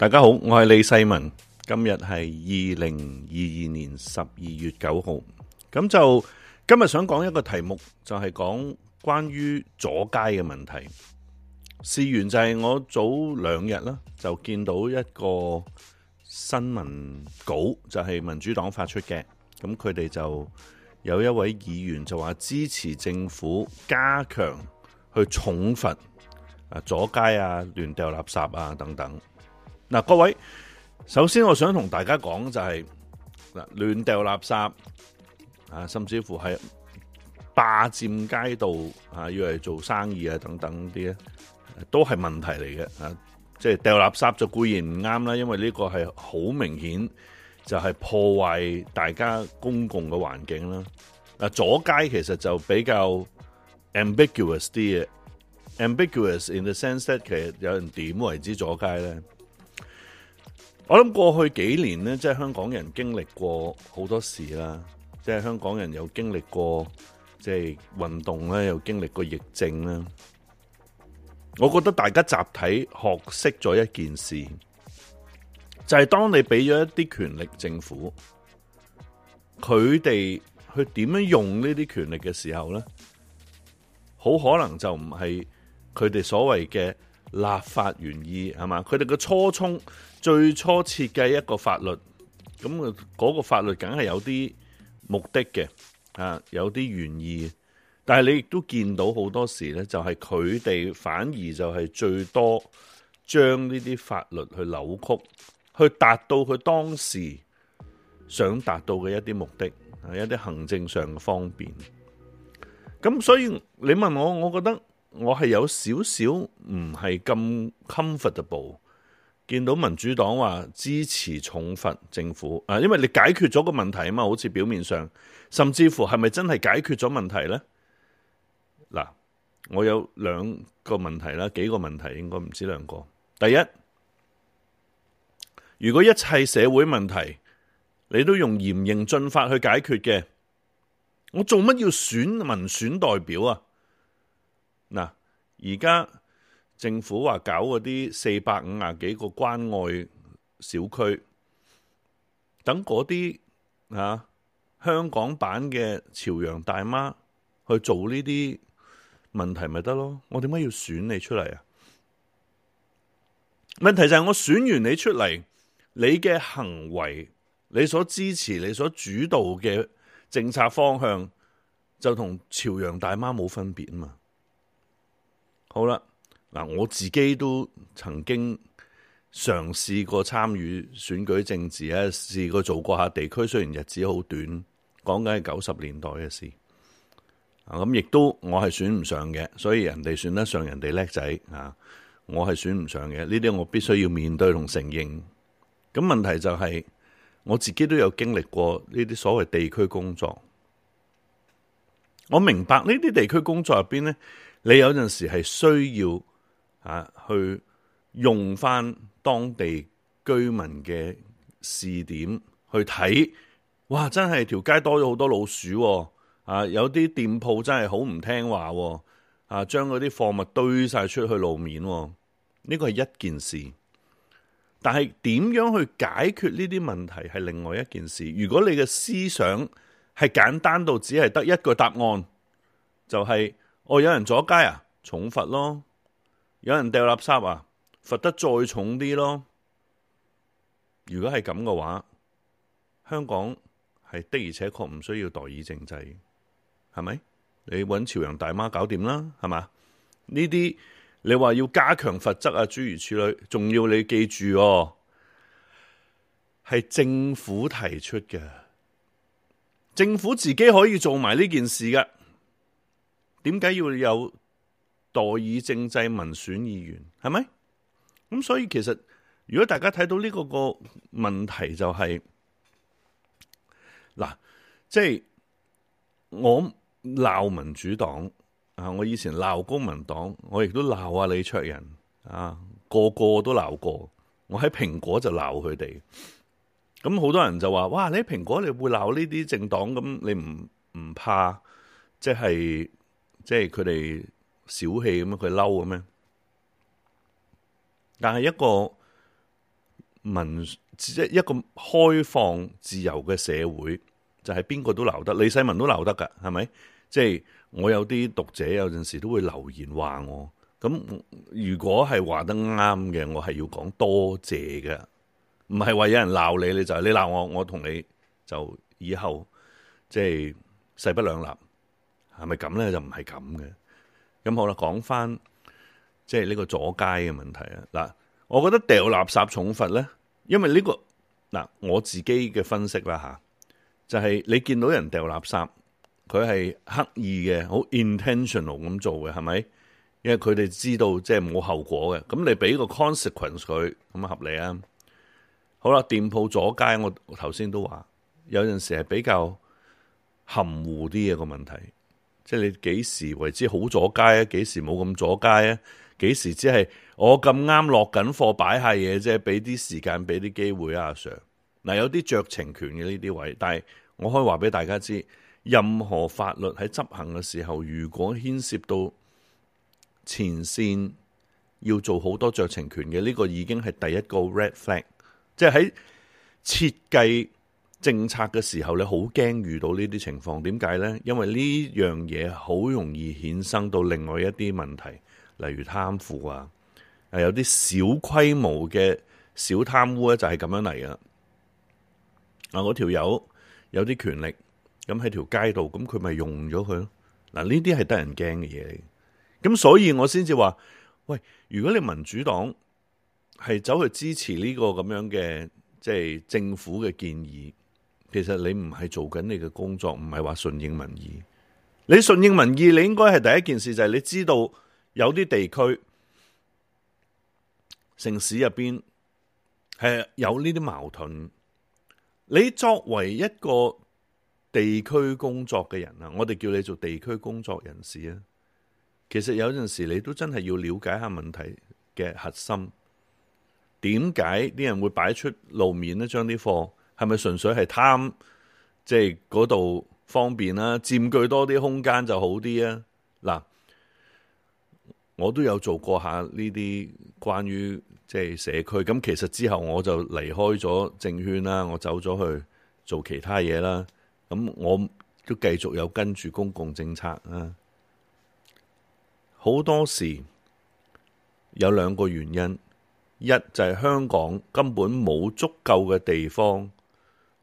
大家好，我係李世民。今日係二零二二年十二月九號，咁就今日想講一個題目，就係、是、講關於阻街嘅問題。事源就係我早兩日啦，就見到一個新聞稿，就係、是、民主黨發出嘅。咁佢哋就有一位議員就話支持政府加強去重罰啊阻街啊亂丟垃圾啊等等。嗱，各位，首先我想同大家講就係、是、嗱，亂掉垃圾啊，甚至乎係霸占街道啊，要嚟做生意啊，等等啲咧，都係問題嚟嘅啊！即係掉垃圾就固然唔啱啦，因為呢個係好明顯就係破壞大家公共嘅環境啦。啊，阻街其實就比較 amb ambiguous 啲嘢 ambiguous in the sense that 其實有人點為之阻街咧？我諗過去幾年咧，即係香港人經歷過好多事啦，即係香港人有經歷過即係運動咧，又經歷過疫症啦。我覺得大家集體學識咗一件事，就係當你俾咗一啲權力政府，佢哋去點樣用呢啲權力嘅時候咧，好可能就唔係佢哋所謂嘅。立法原意係嘛？佢哋個初衷最初設計一個法律，咁嗰個法律梗係有啲目的嘅，啊有啲原意。但係你亦都見到好多時呢，就係佢哋反而就係最多將呢啲法律去扭曲，去達到佢當時想達到嘅一啲目的，一啲行政上嘅方便。咁所以你問我，我覺得。我係有少少唔係咁 comfortable，見到民主黨話支持重罰政府，啊，因為你解決咗個問題啊嘛，好似表面上，甚至乎係咪真係解決咗問題呢？嗱，我有兩個問題啦，幾個問題應該唔止兩個。第一，如果一切社會問題你都用嚴刑峻法去解決嘅，我做乜要選民選代表啊？嗱，而家政府話搞嗰啲四百五十幾個關愛小區，等嗰啲吓香港版嘅朝陽大媽去做呢啲問題，咪得咯？我點解要選你出嚟啊？問題就係我選完你出嚟，你嘅行為、你所支持、你所主導嘅政策方向，就同朝陽大媽冇分別啊嘛。好啦，嗱，我自己都曾經嘗試過參與選舉政治啊，試過做過下地區，雖然日子好短，講緊係九十年代嘅事啊。咁亦都我係選唔上嘅，所以人哋選得上，人哋叻仔啊，我係選唔上嘅。呢啲我必須要面對同承認。咁問題就係我自己都有經歷過呢啲所謂地區工作，我明白呢啲地區工作入邊呢。你有陣時係需要啊，去用翻當地居民嘅視點去睇，哇！真係條街多咗好多老鼠啊，啊！有啲店鋪真係好唔聽話啊，啊！將嗰啲貨物堆晒出去路面，啊，呢個係一件事。但係點樣去解決呢啲問題係另外一件事。如果你嘅思想係簡單到只係得一個答案，就係，是。哦，有人阻街啊，重罰咯；有人掉垃圾啊，罰得再重啲咯。如果係咁嘅話，香港係的而且確唔需要代議政制，係咪？你揾朝陽大媽搞掂啦，係嘛？呢啲你話要加強罰則啊，諸如此類。仲要你記住，哦，係政府提出嘅，政府自己可以做埋呢件事嘅。點解要有代議政制民選議員？係咪？咁所以其實如果大家睇到呢，這個個問題就係、是，嗱，即係、就是、我鬧民主黨啊！我以前鬧公民黨，我亦都鬧阿李卓人啊，個個都鬧過。我喺蘋果就鬧佢哋。咁好多人就話，哇！你喺蘋果你會鬧呢啲政黨？咁你唔唔怕？即、就、係、是？即係佢哋小氣咁咩？佢嬲咁咩？但係一個民即係一個開放自由嘅社會，就係邊個都留得，李世民都留得噶，係咪？即係我有啲讀者有陣時都會留言話我，咁如果係話得啱嘅，我係要講多謝嘅，唔係話有人鬧你你就係你鬧我，我同你就以後即係勢不兩立。係咪咁咧？就唔係咁嘅。咁好啦。講翻即係呢個阻街嘅問題啊嗱，我覺得掉垃圾重罰咧，因為呢個嗱我自己嘅分析啦，吓，啊，就係你見到人掉垃圾，佢係刻意嘅，好 intentional 咁做嘅，係咪？因為佢哋知道即係冇後果嘅，咁你俾個 consequence 佢咁合理啊。好啦，店鋪阻街，我頭先都話有陣時係比較含糊啲嘅個問題。即係你幾時為之好阻街啊？幾時冇咁阻街啊？幾時只係我咁啱落緊貨擺下嘢啫？俾啲時間，俾啲機會啊！阿 Sir，嗱、啊、有啲酌情權嘅呢啲位，但係我可以話俾大家知，任何法律喺執行嘅時候，如果牽涉到前線要做好多酌情權嘅，呢、呢個已經係第一個 red flag，即係喺設計政策嘅時候咧，好驚遇到呢啲情況。點解呢？因為呢樣嘢好容易衍生到另外一啲問題，例如貪腐啊，有啲小規模嘅小貪污咧，就係咁樣嚟嘅。啊，嗰條友有啲權力，咁喺條街度，咁佢咪用咗佢咯？嗱，呢啲係得人驚嘅嘢。咁所以，我先至話：喂，如果你民主黨係走去支持呢個咁樣嘅，即係政府嘅建議。其實你唔係做緊你嘅工作，唔係話順應民意。你順應民意，你應該係第一件事就係你知道有啲地區城市入邊係有呢啲矛盾。你作為一個地區工作嘅人啊，我哋叫你做地區工作人士啊。其實有陣時你都真係要了解下問題嘅核心，點解啲人會擺出路面呢將啲貨？係咪純粹係貪，即係嗰度方便啦、啊？佔據多啲空間就好啲啊！嗱，我都有做過下呢啲關於即係社區咁。其實之後我就離開咗政圈啦，我走咗去做其他嘢啦。咁我都繼續有跟住公共政策啊。好多時有兩個原因，一就係、是、香港根本冇足夠嘅地方。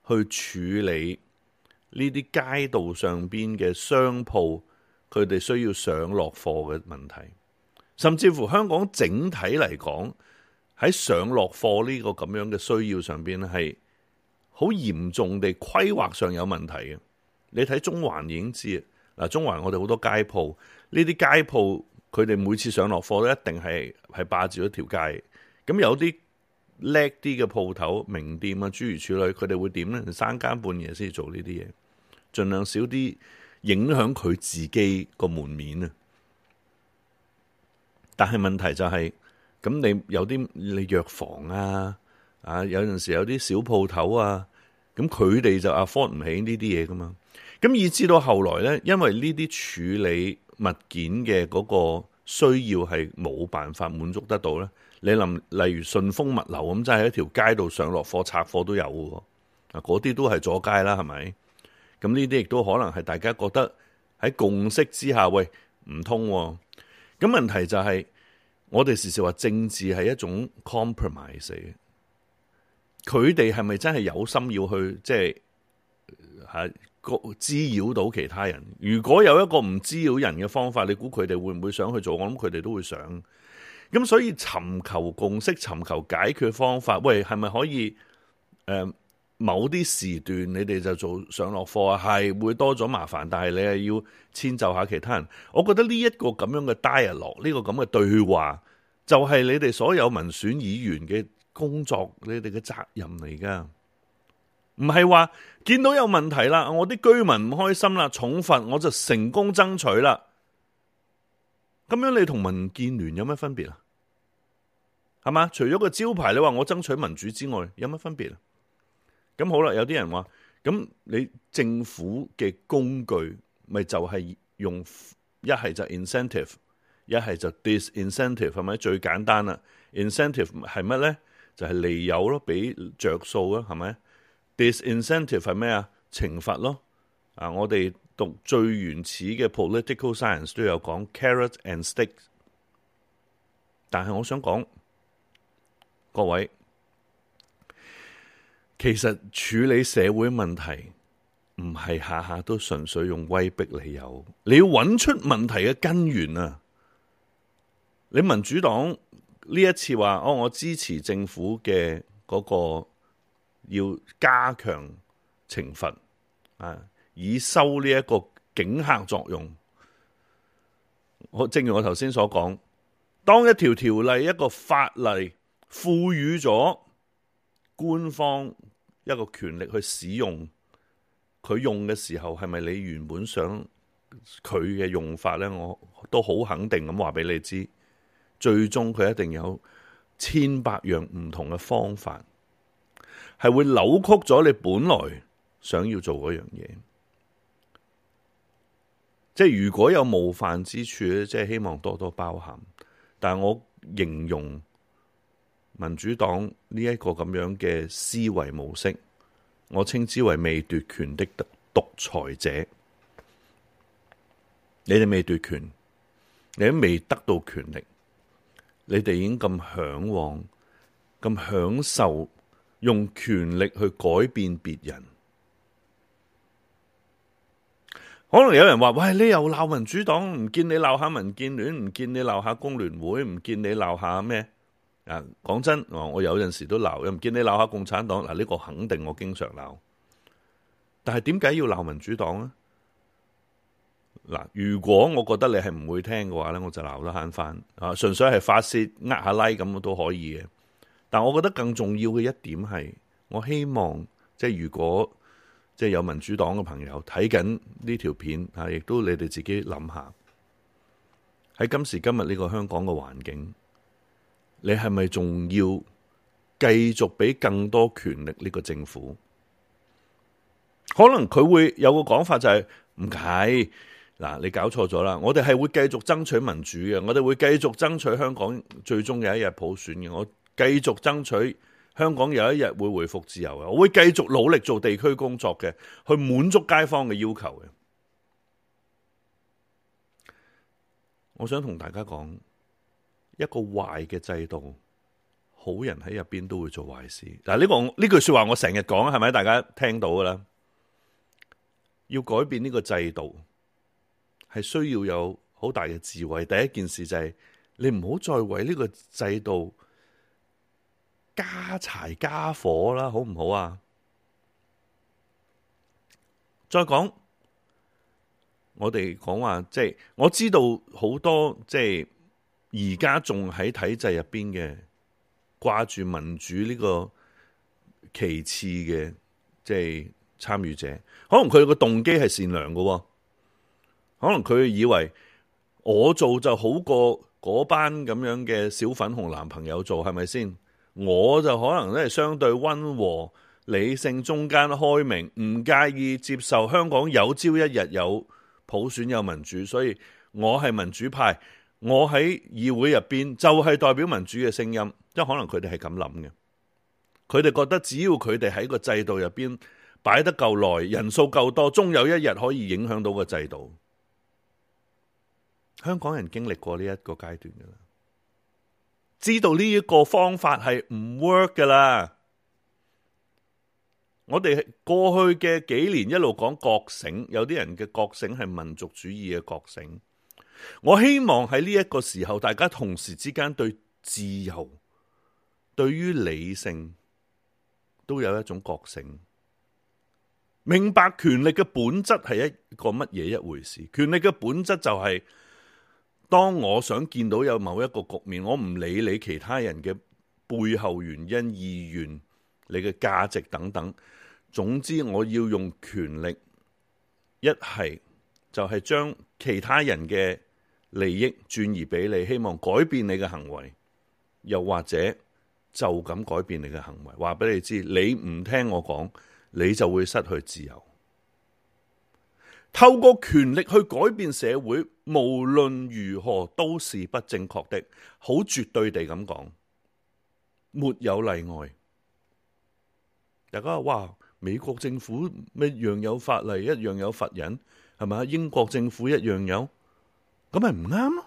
去處理呢啲街道上邊嘅商鋪，佢哋需要上落貨嘅問題，甚至乎香港整體嚟講喺上落貨呢個咁樣嘅需要上邊咧，係好嚴重地規劃上有問題嘅。你睇中環已經知嗱，中環我哋好多街鋪，呢啲街鋪佢哋每次上落貨都一定係係霸住一條街，咁有啲。叻啲嘅鋪頭、名店啊、諸如此類，佢哋會點咧？三更半夜先做呢啲嘢，盡量少啲影響佢自己個門面啊！但係問題就係、是，咁你有啲你藥房啊，啊有陣時有啲小鋪頭啊，咁佢哋就 afford 唔起呢啲嘢噶嘛？咁以至到後來咧，因為呢啲處理物件嘅嗰個需要係冇辦法滿足得到咧。你諗例如順豐物流咁，真係喺一條街度上落貨拆貨都有嘅，嗰啲都係阻街啦，係咪？咁呢啲亦都可能係大家覺得喺共識之下，喂唔通、啊。咁問題就係、是、我哋時時話政治係一種 compromise，佢哋係咪真係有心要去即係吓滋擾到其他人？如果有一個唔滋擾人嘅方法，你估佢哋會唔會想去做？我諗佢哋都會想。咁所以尋求共識、尋求解決方法，喂，係咪可以？誒、呃，某啲時段你哋就做上落課啊，係會多咗麻煩，但係你係要遷就下其他人。我覺得呢一個咁樣嘅 dialogue 呢個咁嘅對話，就係、是、你哋所有民選議員嘅工作，你哋嘅責任嚟㗎。唔係話見到有問題啦，我啲居民唔開心啦，重罰我就成功爭取啦。咁樣你同民建聯有咩分別啊？係嘛？除咗個招牌，你話我爭取民主之外，有乜分別？咁好啦，有啲人話：咁你政府嘅工具咪就係用一係就 incentive，一係就 disincentive，係咪？最簡單啦，incentive 係乜咧？就係利誘咯，俾着數咯，係咪？disincentive 係咩啊？懲罰咯，啊，我哋。讀最原始嘅 political science 都有講 carrot and stick 但係我想講各位，其實處理社會問題唔係下下都純粹用威逼理由，你要揾出問題嘅根源啊！你民主黨呢一次話哦，我支持政府嘅嗰個要加強懲罰啊！以收呢一個警嚇作用。正如我頭先所講，當一條條例、一個法例賦予咗官方一個權力去使用，佢用嘅時候，係咪你原本想佢嘅用法呢？我都好肯定咁話俾你知，最終佢一定有千百樣唔同嘅方法，係會扭曲咗你本來想要做嗰樣嘢。即係如果有冒犯之處咧，即係希望多多包涵。但係我形容民主黨呢一個咁樣嘅思維模式，我稱之為未奪權的獨裁者。你哋未奪權，你都未得到權力，你哋已經咁向往、咁享受用權力去改變別人。可能有人話：喂，你又鬧民主黨，唔見你鬧下民建聯，唔見你鬧下工聯會，唔見你鬧下咩？啊，講真，我有陣時都鬧，又唔見你鬧下共產黨。嗱，呢個肯定我經常鬧。但係點解要鬧民主黨啊？嗱，如果我覺得你係唔會聽嘅話咧，我就鬧得慳翻啊！純粹係發泄，呃下拉咁都可以嘅。但我覺得更重要嘅一點係，我希望即係如果。即係有民主黨嘅朋友睇緊呢條片啊，亦都你哋自己諗下，喺今時今日呢個香港嘅環境，你係咪仲要繼續俾更多權力呢個政府？可能佢會有個講法就係唔係？嗱，你搞錯咗啦！我哋係會繼續爭取民主嘅，我哋會繼續爭取香港最終有一日普選嘅，我繼續爭取。香港有一日會回復自由嘅，我會繼續努力做地區工作嘅，去滿足街坊嘅要求嘅。我想同大家講，一個壞嘅制度，好人喺入邊都會做壞事。嗱、這個，呢個呢句說話我成日講，係咪？大家聽到嘅啦？要改變呢個制度，係需要有好大嘅智慧。第一件事就係、是，你唔好再為呢個制度。加柴加火啦，好唔好啊？再講，我哋講話，即係我知道好多，即係而家仲喺體制入邊嘅掛住民主呢個其次嘅，即係參與者，可能佢個動機係善良㗎，可能佢以為我做就好過嗰班咁樣嘅小粉紅男朋友做，係咪先？我就可能咧相對溫和、理性中間開明，唔介意接受香港有朝一日有普選有民主，所以我係民主派，我喺議會入邊就係代表民主嘅聲音，即係可能佢哋係咁諗嘅。佢哋覺得只要佢哋喺個制度入邊擺得夠耐，人數夠多，終有一日可以影響到個制度。香港人經歷過呢一個階段知道呢一個方法係唔 work 㗎喇。我哋過去嘅幾年一路講覺醒，有啲人嘅覺醒係民族主義嘅覺醒。我希望喺呢一個時候，大家同時之間對自由、對於理性，都有一種覺醒，明白權力嘅本質係一個乜嘢一回事。權力嘅本質就係、是。當我想見到有某一個局面，我唔理你其他人嘅背後原因、意願，你嘅價值等等，總之我要用權力，一係就係將其他人嘅利益轉移俾你，希望改變你嘅行為，又或者就咁改變你嘅行為，話俾你知，你唔聽我講，你就會失去自由。透過權力去改變社會，無論如何都是不正確的，好絕對地咁講，沒有例外。大家話，哇，美國政府一樣有法例，一樣有法人，係咪？英國政府一樣有，咁咪唔啱咯？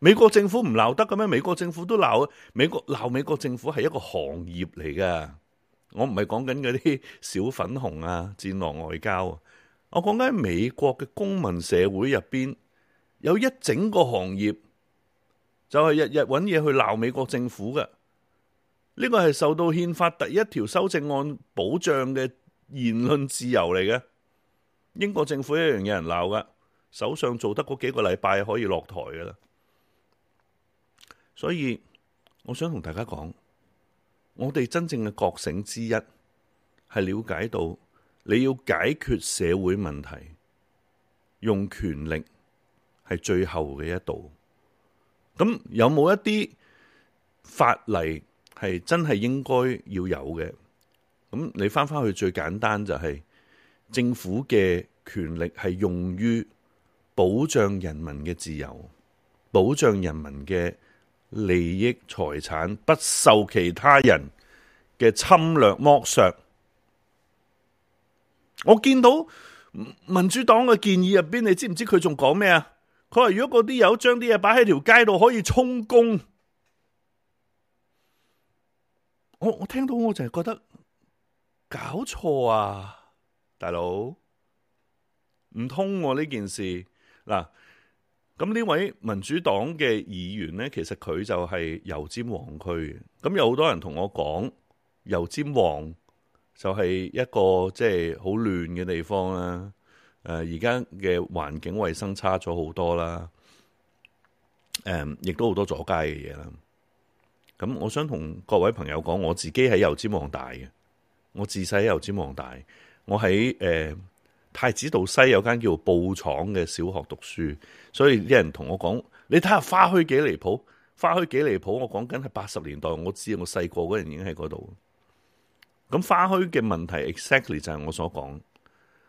美國政府唔鬧得嘅咩？美國政府都鬧，美國鬧美國政府係一個行業嚟嘅。我唔係講緊嗰啲小粉紅啊，戰狼外交啊，我講緊美國嘅公民社會入邊有一整個行業就係日日揾嘢去鬧美國政府嘅，呢個係受到憲法第一條修正案保障嘅言論自由嚟嘅。英國政府一樣有人鬧噶，首相做得嗰幾個禮拜可以落台噶啦，所以我想同大家講。我哋真正嘅覺醒之一，係了解到你要解決社會問題，用權力係最後嘅一道。咁有冇一啲法例係真係應該要有嘅？咁你翻翻去最簡單，就係政府嘅權力係用於保障人民嘅自由，保障人民嘅。利益財產不受其他人嘅侵略剝削。我見到民主黨嘅建議入邊，你知唔知佢仲講咩啊？佢話如果嗰啲友將啲嘢擺喺條街度，可以充公。我我聽到我就係覺得搞錯啊，大佬唔通呢件事嗱、啊？咁呢位民主黨嘅議員呢，其實佢就係油尖旺區嘅。咁有好多人同我講，油尖旺就係一個即係好亂嘅地方啦。而家嘅環境衞生差咗好多啦。誒，亦都好多阻街嘅嘢啦。咁我想同各位朋友講，我自己喺油尖旺大嘅，我自細喺油尖旺大，我喺誒，呃太子道西有間叫布廠嘅小學讀書，所以啲人同我講：你睇下花墟幾離譜，花墟幾離譜。我講緊係八十年代，我知我細個嗰陣已經喺嗰度。咁花墟嘅問題，exactly 就係我所講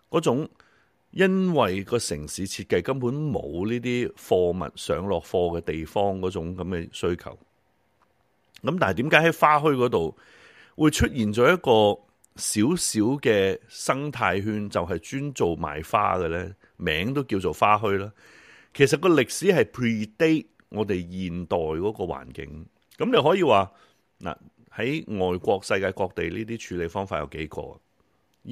嗰種，因為個城市設計根本冇呢啲貨物上落貨嘅地方嗰種咁嘅需求。咁但係點解喺花墟嗰度會出現咗一個？少少嘅生態圈就係專做賣花嘅呢，名都叫做花墟啦。其實個歷史係 predate 我哋現代嗰個環境，咁你可以話，嗱，喺外國世界各地呢啲處理方法有幾個？一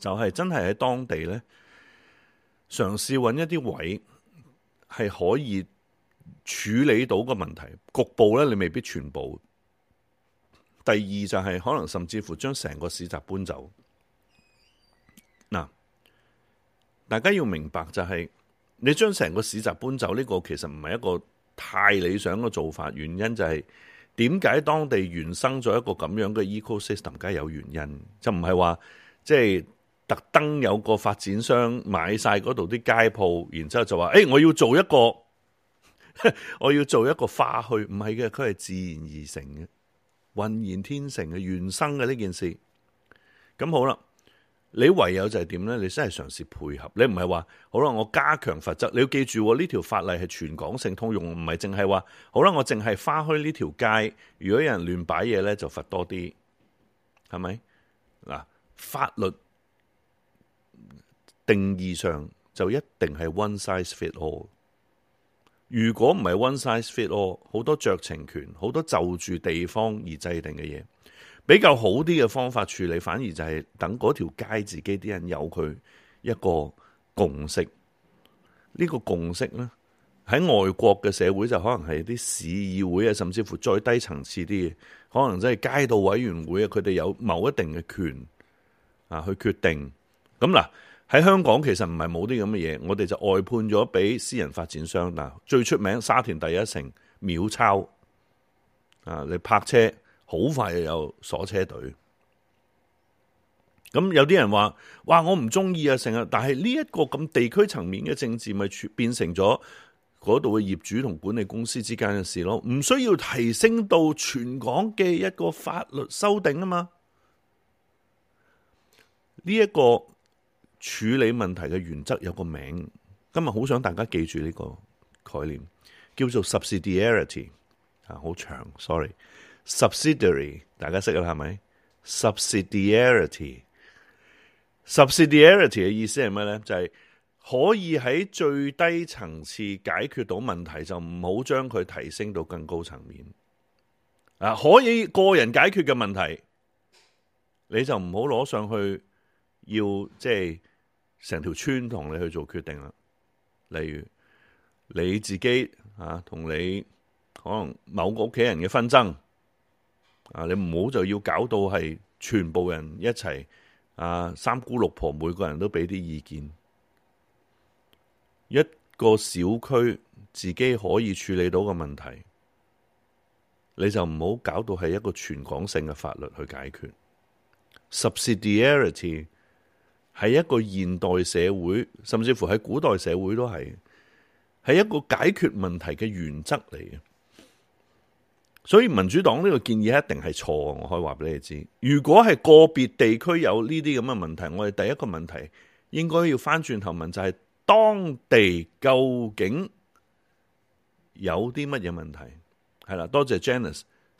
就係真係喺當地呢，嘗試揾一啲位係可以處理到個問題，局部呢，你未必全部。第二就係、是、可能甚至乎將成個市集搬走，嗱，大家要明白就係、是、你將成個市集搬走呢、這個其實唔係一個太理想嘅做法，原因就係點解當地原生咗一個咁樣嘅 ecosystem，梗係有原因，就唔係話即係特登有個發展商買晒嗰度啲街鋪，然之後就話誒、哎、我要做一個， 我要做一個花墟，唔係嘅，佢係自然而成嘅。渾然天成嘅原生嘅呢件事，咁好啦，你唯有就係點呢？你先係嘗試配合，你唔係話好啦，我加強罰則。你要記住呢條法例係全港性通用，唔係淨係話好啦，我淨係花開呢條街，如果有人亂擺嘢呢，就罰多啲，係咪？嗱，法律定義上就一定係 one size fit all。如果唔係 one size fit all，好多酌情權，好多就住地方而制定嘅嘢，比較好啲嘅方法處理，反而就係等嗰條街自己啲人有佢一個共識。呢、呢個共識呢，喺外國嘅社會就可能係啲市議會啊，甚至乎再低層次啲，可能真係街道委員會啊，佢哋有某一定嘅權啊去決定。咁嗱。喺香港其實唔係冇啲咁嘅嘢，我哋就外判咗俾私人發展商嗱，最出名沙田第一城秒抄啊，你泊車好快又有鎖車隊。咁有啲人話，哇，我唔中意啊，成日。但係呢一個咁地區層面嘅政治，咪變成咗嗰度嘅業主同管理公司之間嘅事咯，唔需要提升到全港嘅一個法律修訂啊嘛。呢一個。處理問題嘅原則有個名，今日好想大家記住呢個概念，叫做 subsidiarity 啊，好長，sorry，subsidiary 大家識啦係咪？subsidiarity，subsidiarity 嘅意思係咩呢？就係可以喺最低層次解決到問題，就唔好將佢提升到更高層面。啊，可以個人解決嘅問題，你就唔好攞上去要即係。成條村同你去做決定啦，例如你自己啊，同你可能某個屋企人嘅紛爭啊，你唔好就要搞到係全部人一齊啊，三姑六婆每個人都畀啲意見，一個小區自己可以處理到嘅問題，你就唔好搞到係一個全港性嘅法律去解決。Subsidiarity。係一個現代社會，甚至乎喺古代社會都係，係一個解決問題嘅原則嚟嘅。所以民主黨呢個建議一定係錯，我可以話俾你知。如果係個別地區有呢啲咁嘅問題，我哋第一個問題應該要翻轉頭問，就係當地究竟有啲乜嘢問題？係啦，多謝 Janice。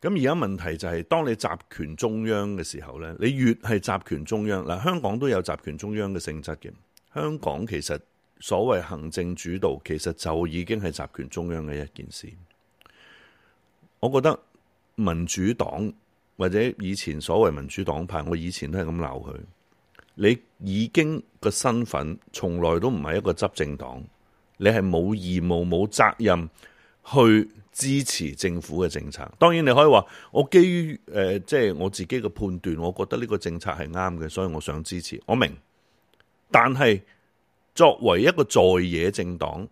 咁而家問題就係、是、當你集權中央嘅時候咧，你越係集權中央嗱，香港都有集權中央嘅性質嘅。香港其實所謂行政主導，其實就已經係集權中央嘅一件事。我覺得民主黨或者以前所謂民主黨派，我以前都係咁鬧佢。你已經個身份從來都唔係一個執政黨，你係冇義務冇責任。去支持政府嘅政策，當然你可以話我基於誒，即係我自己嘅判斷，我覺得呢個政策係啱嘅，所以我想支持。我明，但係作為一個在野政黨，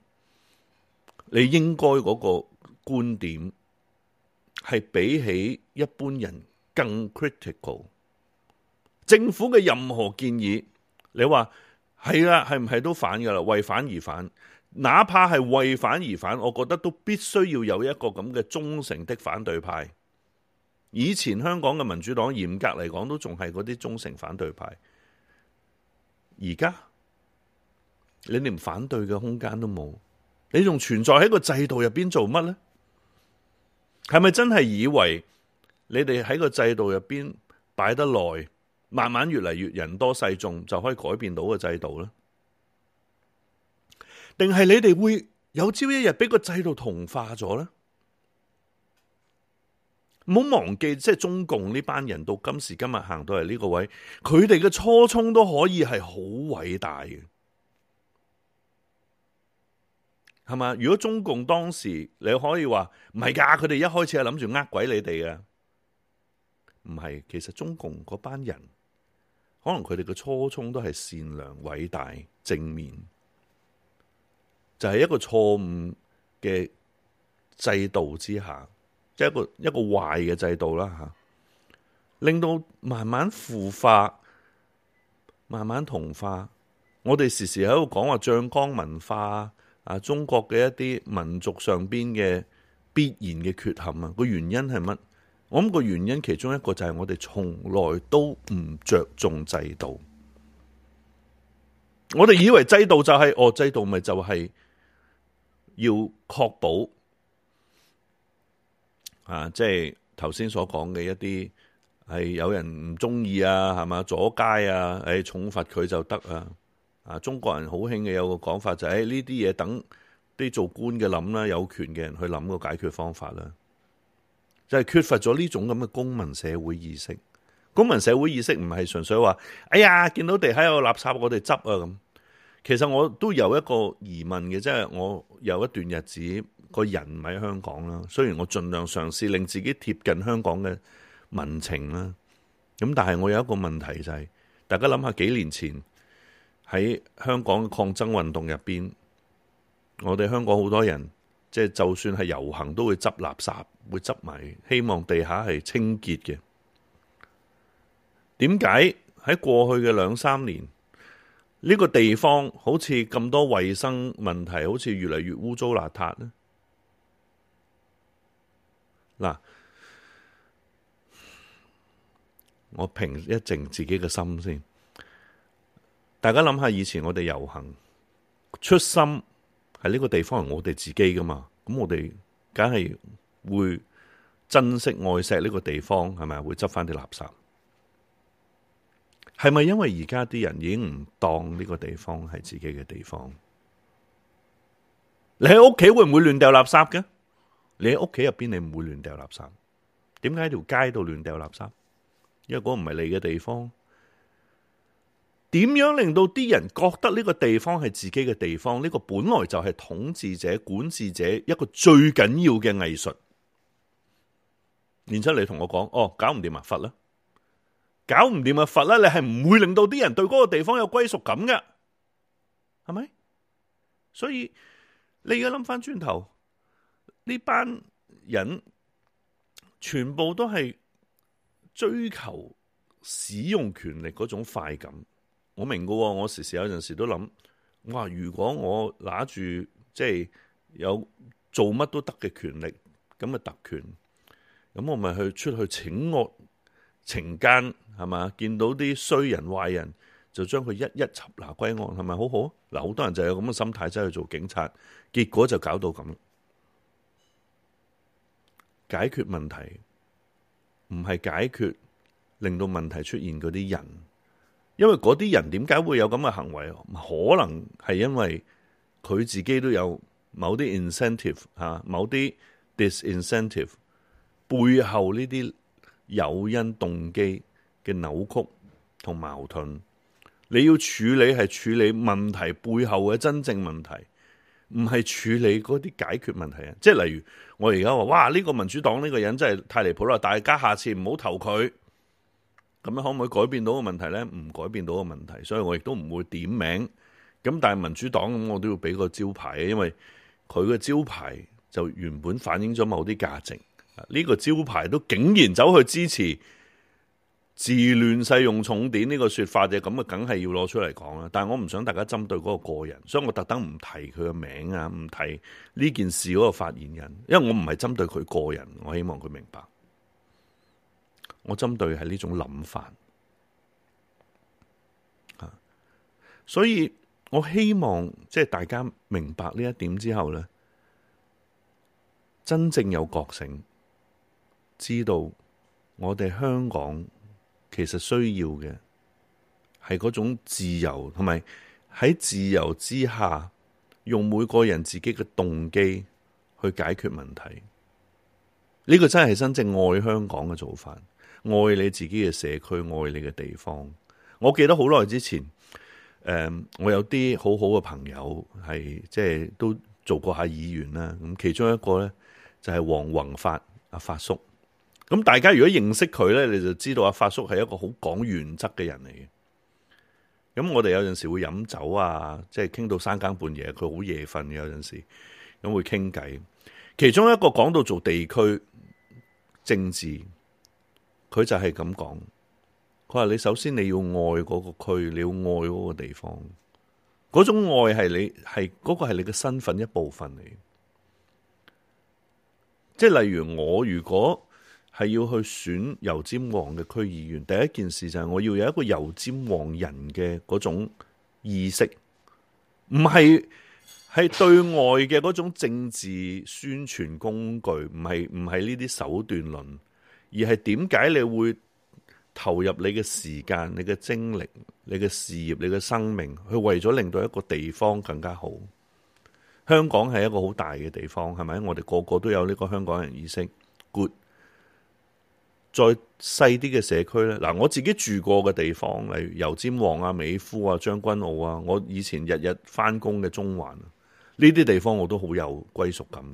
你應該嗰個觀點係比起一般人更 critical。政府嘅任何建議，你話係啦，係唔係都反噶啦？為反而反。哪怕係為反而反，我覺得都必須要有一個咁嘅忠誠的反對派。以前香港嘅民主黨嚴格嚟講都仲係嗰啲忠誠反對派，而家你連反對嘅空間都冇，你仲存在喺個制度入邊做乜呢？係咪真係以為你哋喺個制度入邊擺得耐，慢慢越嚟越人多勢眾，就可以改變到個制度呢？定係你哋會有朝一日俾個制度同化咗咧？唔好忘記，即係中共呢班人到今時今日行到嚟呢個位，佢哋嘅初衷都可以係好偉大嘅，係嘛？如果中共當時你可以話唔係噶，佢哋一開始係諗住呃鬼你哋嘅，唔係，其實中共嗰班人可能佢哋嘅初衷都係善良、偉大、正面。就係一個錯誤嘅制度之下，即係一個一個壞嘅制度啦吓，令到慢慢腐化、慢慢同化。我哋時時喺度講話醬缸文化啊，中國嘅一啲民族上邊嘅必然嘅缺陷啊，個原因係乜？我諗個原因其中一個就係我哋從來都唔着重制度，我哋以為制度就係，哦，制度咪就係。要確保啊，即係頭先所講嘅一啲係、哎、有人唔中意啊，係嘛，阻街啊，誒、哎、重罰佢就得啊！啊，中國人好興嘅有個講法就係呢啲嘢等啲做官嘅諗啦，有權嘅人去諗個解決方法啦、啊，就係、是、缺乏咗呢種咁嘅公民社會意識。公民社會意識唔係純粹話，哎呀見到地喺度垃圾我哋執啊咁。其實我都有一個疑問嘅，即係我有一段日子個人唔喺香港啦。雖然我盡量嘗試令自己貼近香港嘅民情啦，咁但係我有一個問題就係，大家諗下幾年前喺香港抗爭運動入邊，我哋香港好多人即係就算係遊行都會執垃圾，會執埋希望地下係清潔嘅。點解喺過去嘅兩三年，呢個地方好似咁多衛生問題，好似越嚟越污糟邋遢咧。嗱，我平一靜自己嘅心先。大家諗下以前我哋遊行，初心係呢個地方係我哋自己噶嘛，咁我哋梗係會珍惜愛錫呢個地方，係咪？會執翻啲垃圾。係咪因為而家啲人已經唔當呢個地方係自己嘅地方？你喺屋企會唔會亂掉垃圾嘅？你喺屋企入邊你唔會亂掉垃圾，點解喺條街度亂掉垃圾？因為嗰唔係你嘅地方。點樣令到啲人覺得呢個地方係自己嘅地方？呢、這個本來就係統治者、管治者一個最緊要嘅藝術。然之後你同我講，哦，搞唔掂啊，罰啦。搞唔掂啊！罰啦，你係唔會令到啲人對嗰個地方有歸屬感嘅，係咪？所以你而家諗翻轉頭，呢班人全部都係追求使用權力嗰種快感。我明噶，我時時有陣時都諗，我話如果我拿住即係有做乜都得嘅權力咁嘅特權，咁我咪去出去請惡、懲奸。係嘛？見到啲衰人壞人，就將佢一一緝拿歸案，係咪好好嗱？好多人就有咁嘅心態，即係去做警察，結果就搞到咁。解決問題唔係解決令到問題出現嗰啲人，因為嗰啲人點解會有咁嘅行為？可能係因為佢自己都有某啲 incentive 吓，某啲 disincentive 背後呢啲誘因動機。嘅扭曲同矛盾，你要處理係處理問題背後嘅真正問題，唔係處理嗰啲解決問題啊！即係例如我而家話，哇呢個民主黨呢個人真係太離譜啦！大家下次唔好投佢，咁樣可唔可以改變到個問題呢？唔改變到個問題，所以我亦都唔會點名。咁但係民主黨咁，我都要俾個招牌，因為佢個招牌就原本反映咗某啲價值。呢個招牌都竟然走去支持。治亂世用重典呢個說法就咁啊，梗係要攞出嚟講啦。但係我唔想大家針對嗰個個人，所以我特登唔提佢嘅名啊，唔提呢件事嗰個發言人，因為我唔係針對佢個人。我希望佢明白，我針對係呢種諗法吓。所以我希望即係大家明白呢一點之後呢，真正有覺醒，知道我哋香港。其實需要嘅係嗰種自由，同埋喺自由之下，用每個人自己嘅動機去解決問題。呢、呢個真係真正愛香港嘅做法，愛你自己嘅社區，愛你嘅地方。我記得好耐之前，誒，我有啲好好嘅朋友係即係都做過下議員啦。咁其中一個咧就係黃宏發阿發叔。咁大家如果認識佢咧，你就知道阿發叔係一個好講原則嘅人嚟嘅。咁我哋有陣時會飲酒啊，即係傾到三更半夜，佢好夜瞓嘅，有陣時咁會傾偈。其中一個講到做地區政治，佢就係咁講。佢話你首先你要愛嗰個區，你要愛嗰個地方，嗰種愛係你係嗰個係你嘅身份一部分嚟。即係例如我如果。係要去選油尖旺嘅區議員，第一件事就係我要有一個油尖旺人嘅嗰種意識，唔係係對外嘅嗰種政治宣傳工具，唔係唔係呢啲手段論，而係點解你會投入你嘅時間、你嘅精力、你嘅事業、你嘅生命，去為咗令到一個地方更加好。香港係一個好大嘅地方，係咪？我哋個個都有呢個香港人意識。Good。再細啲嘅社區呢，嗱，我自己住過嘅地方，例如油尖旺啊、美孚啊、將軍澳啊，我以前日日翻工嘅中環呢啲地方，我都好有歸屬感。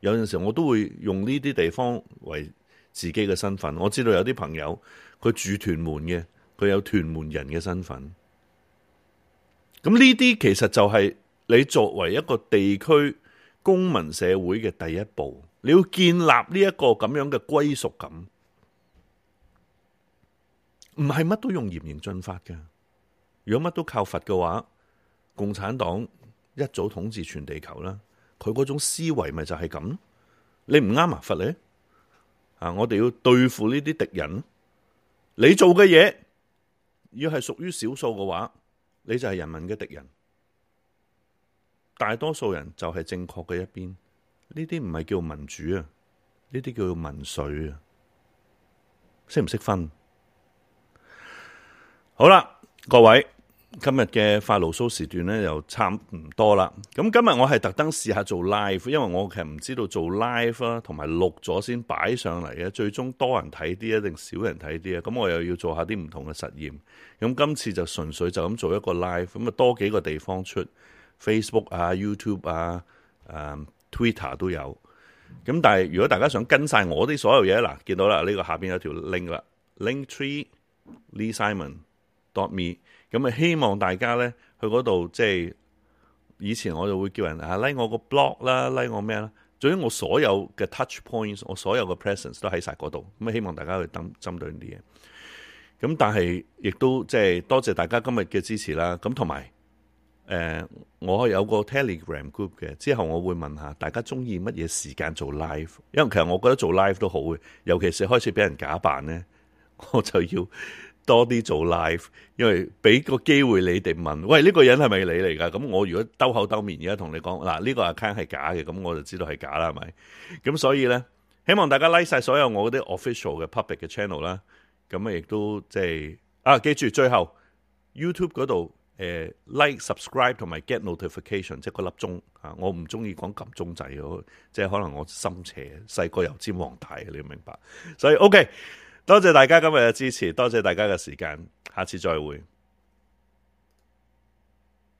有陣時我都會用呢啲地方為自己嘅身份。我知道有啲朋友佢住屯門嘅，佢有屯門人嘅身份。咁呢啲其實就係你作為一個地區公民社會嘅第一步，你要建立呢一個咁樣嘅歸屬感。唔係乜都用嚴刑峻法㗎，如果乜都靠罰嘅話，共產黨一早統治全地球啦。佢嗰種思維咪就係咁，你唔啱啊，罰你啊，我哋要對付呢啲敵人，你做嘅嘢，要係屬於少數嘅話，你就係人民嘅敵人。大多數人就係正確嘅一邊，呢啲唔係叫民主啊，呢啲叫做民粹啊，識唔識分？好啦，各位，今日嘅發牢騷時段咧，又差唔多啦。咁今日我係特登試下做 live，因為我其實唔知道做 live 啦、啊，同埋錄咗先擺上嚟嘅。最終多人睇啲啊，定少人睇啲啊。咁我又要做下啲唔同嘅實驗。咁今次就純粹就咁做一個 live，咁啊多幾個地方出 Facebook 啊、YouTube 啊、嗯、Twitter 都有。咁但係如果大家想跟晒我啲所有嘢，嗱，見到啦，呢、這個下邊有條 link 啦，Link Tree Lee Simon。dot me，咁啊希望大家咧去嗰度，即係以前我就會叫人啊 like 我個 blog 啦，like 我咩啦，總之我所有嘅 touch points，我所有嘅 presence 都喺晒嗰度，咁、嗯、啊希望大家去等針對呢啲嘢。咁、嗯、但係亦都即係多謝大家今日嘅支持啦。咁同埋誒，我有個 telegram group 嘅，之後我會問下大家中意乜嘢時間做 live，因為其實我覺得做 live 都好嘅，尤其是開始俾人假扮咧，我就要。多啲做 live，因為俾個機會你哋問，喂，呢個人係咪你嚟噶？咁我如果兜口兜面而家同你講，嗱，呢個 account 係假嘅，咁我就知道係假啦，係咪？咁所以呢，希望大家 like 晒所有我嗰啲 official 嘅 public 嘅 channel 啦，咁啊亦都即係啊，記住最後 YouTube 嗰度誒 like、subscribe 同埋 get notification，即係個粒鐘啊，我唔中意講撳鐘仔嘅，即係可能我心邪，細個油尖旺大你你明白？所以 OK。多謝大家今日嘅支持，多謝大家嘅時間，下次再會。